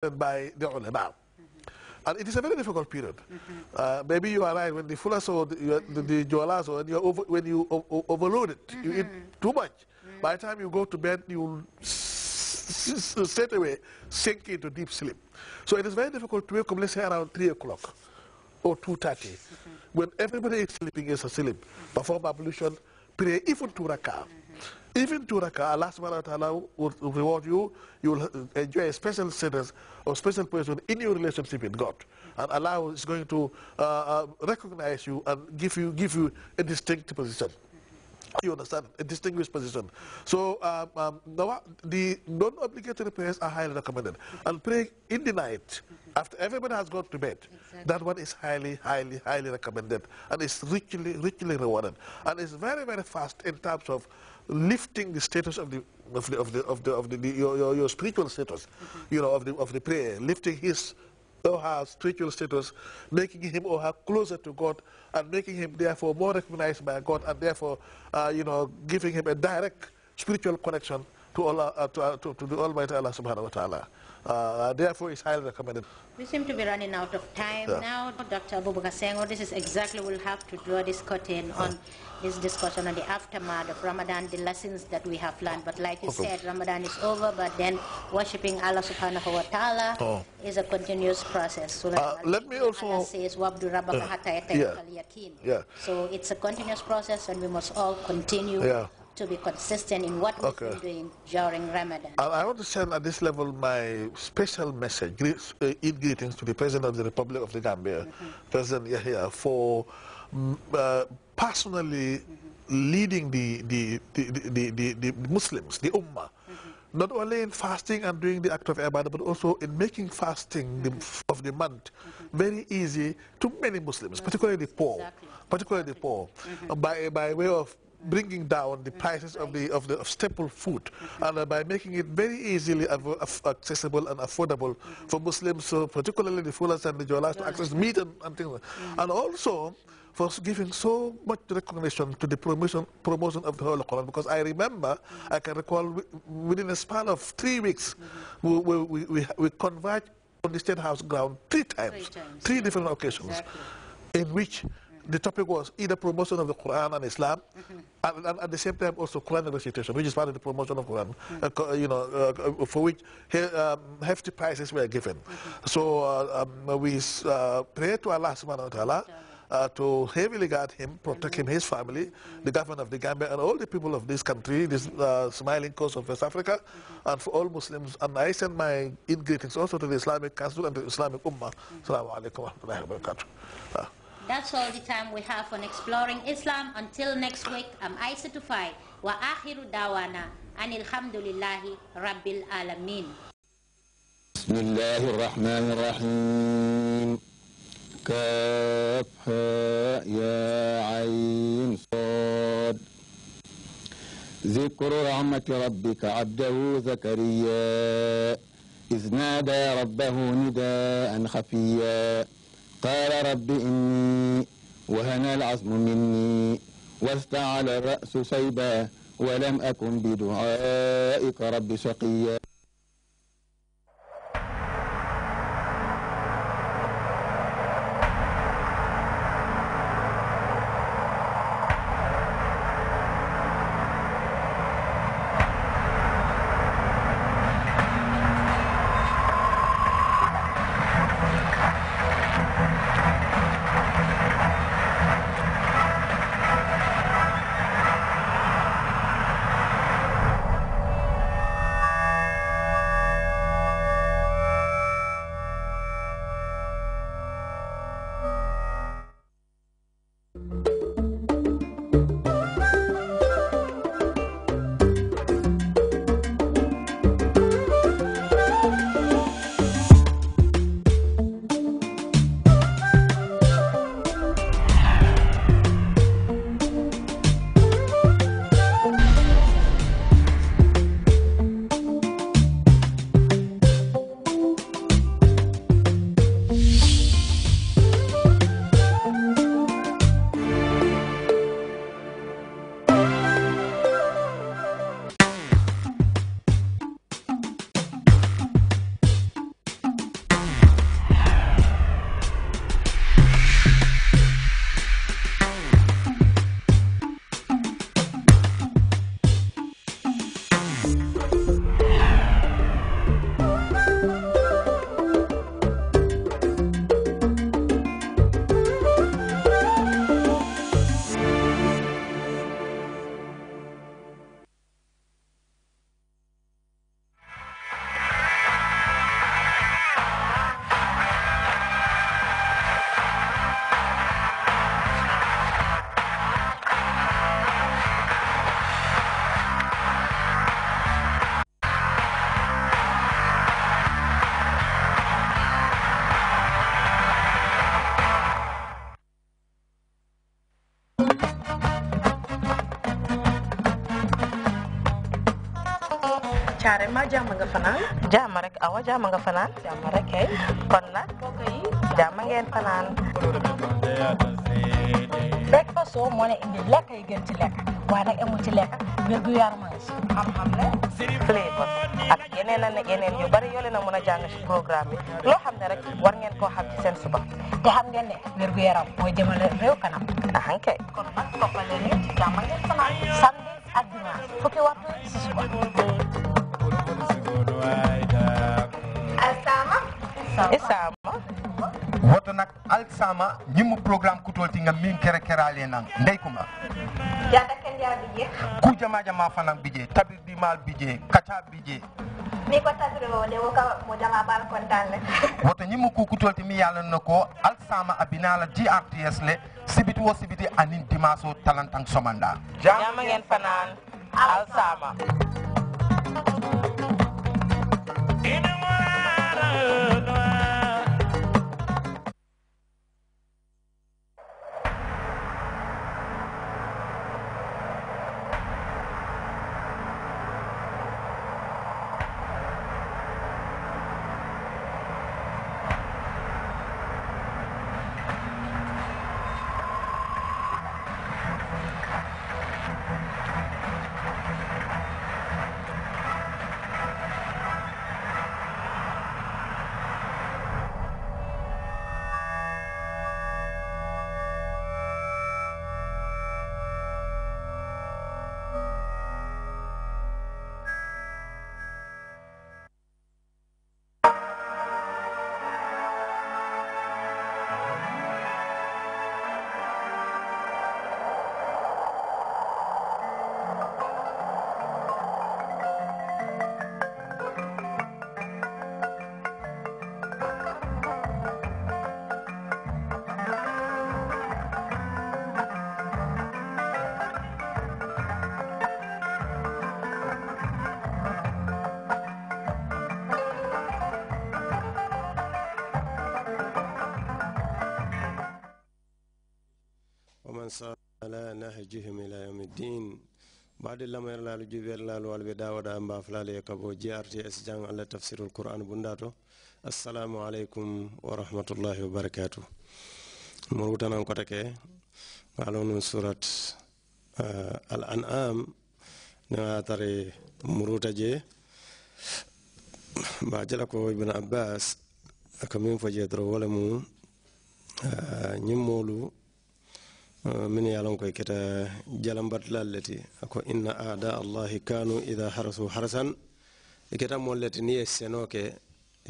by the ulama. And it is a very difficult period. Mm -hmm. uh, maybe you are right when the fulas or the, the, the or when you, overload it, mm -hmm. you eat too much. Mm -hmm. By the time you go to bed, you straight away sink into deep sleep. So it is very difficult to wake up, let's say around 3 o'clock or 2.30, when everybody is sleeping is asleep, perform ablution, pray even to rakah. Even two rak'ah, Allah subhanahu wa ta'ala will reward you. You will uh, enjoy a special status or special position in your relationship with God. And Allah is going to uh, uh, recognize you and give you, give you a distinct position. You understand? A distinguished position. So um, um, the non-obligatory prayers are highly recommended. And praying in the night, after everybody has gone to bed, exactly. that one is highly, highly, highly recommended. And it's richly, richly rewarded. And it's very, very fast in terms of lifting the status of the of the of the of the, of the, the your, your, your spiritual status, mm -hmm. you know, of the of the prayer, lifting his or her spiritual status, making him or her closer to God, and making him therefore more recognized by God, and therefore, uh, you know, giving him a direct spiritual connection to Allah, uh, to, uh, to, to the Almighty Allah Subhanahu wa Taala. Uh, therefore, it's highly recommended. We seem to be running out of time yeah. now. Dr. Abubakar "Oh, this is exactly we'll have to draw this curtain on this discussion on the aftermath of Ramadan, the lessons that we have learned. But like you okay. said, Ramadan is over, but then worshipping Allah subhanahu wa ta'ala oh. is a continuous process. So uh, let me also... Allah says, Wabdu uh, yeah. yeah. So it's a continuous process and we must all continue yeah to be consistent in what we've okay. been doing during Ramadan. I, want to send at this level my special message, greet, uh, Eid greetings to the President of the Republic of the Gambia, mm -hmm. President Yahya, for mm, uh, personally mm -hmm. leading the, the, the, the, the, the, Muslims, the Ummah, mm -hmm. not only in fasting and doing the act of ibadah, but also in making fasting the, mm-hmm. of the month mm-hmm. very easy to many Muslims, particularly the poor, exactly. particularly the poor, mm-hmm. by, by way of bringing down the prices of the of the of staple food and uh, by making it very easily accessible and affordable for Muslims, so particularly the Fulas and the Jolas, to access meat and, and things, like and also for giving so much recognition to the promotion promotion of the Holy Quran because I remember, I can recall within a span of three weeks, we, we, we, we converged on the State House ground three times, three, times, three yeah. different occasions exactly. in which the topic was either promotion of the Quran and Islam, mm -hmm. and, and, at the same time also Quran recitation, which is part of the promotion of Quran, mm -hmm. uh, you know, uh, uh, for which he, um, hefty prizes were given. Mm -hmm. So uh, um, we uh, pray to Allah subhanahu wa ta'ala. Uh, to heavily guard him, protect mm -hmm. him, his family, mm -hmm. the government of the Gambia, and all the people of this country, this uh, smiling coast of West Africa, mm -hmm. and for all Muslims. And I send my in greetings also to the Islamic Council and the Islamic Ummah. Mm -hmm. Assalamu alaikum wa rahmatullahi wa barakatuh. Uh. That's all the time we have on Exploring Islam. Until next week, I'm Aisha Tufai. Wa akhiru dawana. And alhamdulillahi rabbil alameen. بسم الله الرحمن الرحيم كافها يا عين صاد ذكر رحمة ربك عبده زكريا إذ قال رب إني وهنا العظم مني واستعل الرأس شيبا ولم أكن بدعائك رب شقيا ma jama nga fanaan jama rek awa jama nga fanaan jama rek kay kon nag jama ngeen fanaan breakfast oo ne indi lekk yi gën ci lekk waaye nag amul ci lekk wér gu yaram nga ci xam-xam ne ak yeneen ak yeneen yu bari yoo leen a mën ci programme bi loo rek war ngeen koo xam ci seen suba te xam ngeen ne yaram kanam ahan kay kon leen ci ngeen fukki waxtu ci suba e sama woto nak alsama ñimmo programme kutolti ngam min kere kerale nan ndey kuma jada ken ya bije ku jama jama fanan bije tabir di mal bije kacha bije mi ko tabir wo de wo ka mo jama bal kontane woto grts le sibiti wo sibiti anin dimaso talantang somanda jama ngeen fanan alsama Thank على نهجهم إلى يوم الدين بعد لما يرلا لجبير لا لوال بداودا مبا فلال يكبو اس جان على تفسير القرآن بنداتو السلام عليكم ورحمة الله وبركاته مربوطانا نكوتك قالوا من سورة آه الأنعام نواتري مروتا جي باجلكو ابن عباس أكمين فجي درو ولمو آه نمولو من يالونكو كتا جلمبات لالتي اكو ان اعداء الله كانوا اذا حرسوا حرسا كتا مولتي ني سنوكي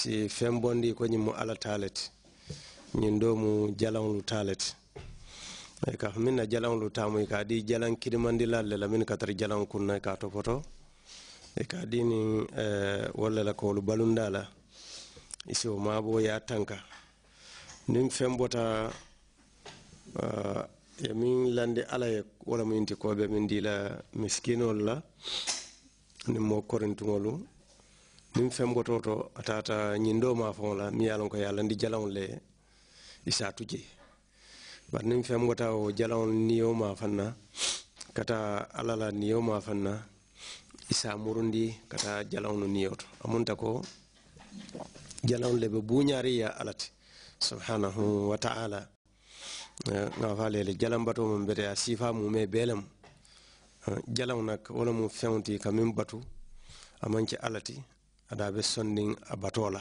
سي فمبوندي كو نيمو على تالت نين دومو جلانلو تالت ka minna jalanlu tamu ka di jalan kidimandi lalle la min katar jalan kunna ka to foto e ka di ni walla la kolu balundala isi o mabo ya tanka nin fembota uh, ye min landi ala ye wala mu inti min dila miskinol la nin mo nin to a tata ñindo mafaŋo la miŋ ye a ye a landi jalaŋo le isatu je bari nin fembota jalaŋo niyo mafaŋ na kata ala la niyo mafaŋ na isa murundi kata jalaŋo nu niyo to amunta ko jalaŋo le be buñaari ya alati subhanahu wa ta'ala Eh, na faale le jalam bato mum bete a sifa me belam eh, jalam nak wala mu fewti ka min batu alati ada be sonding a batola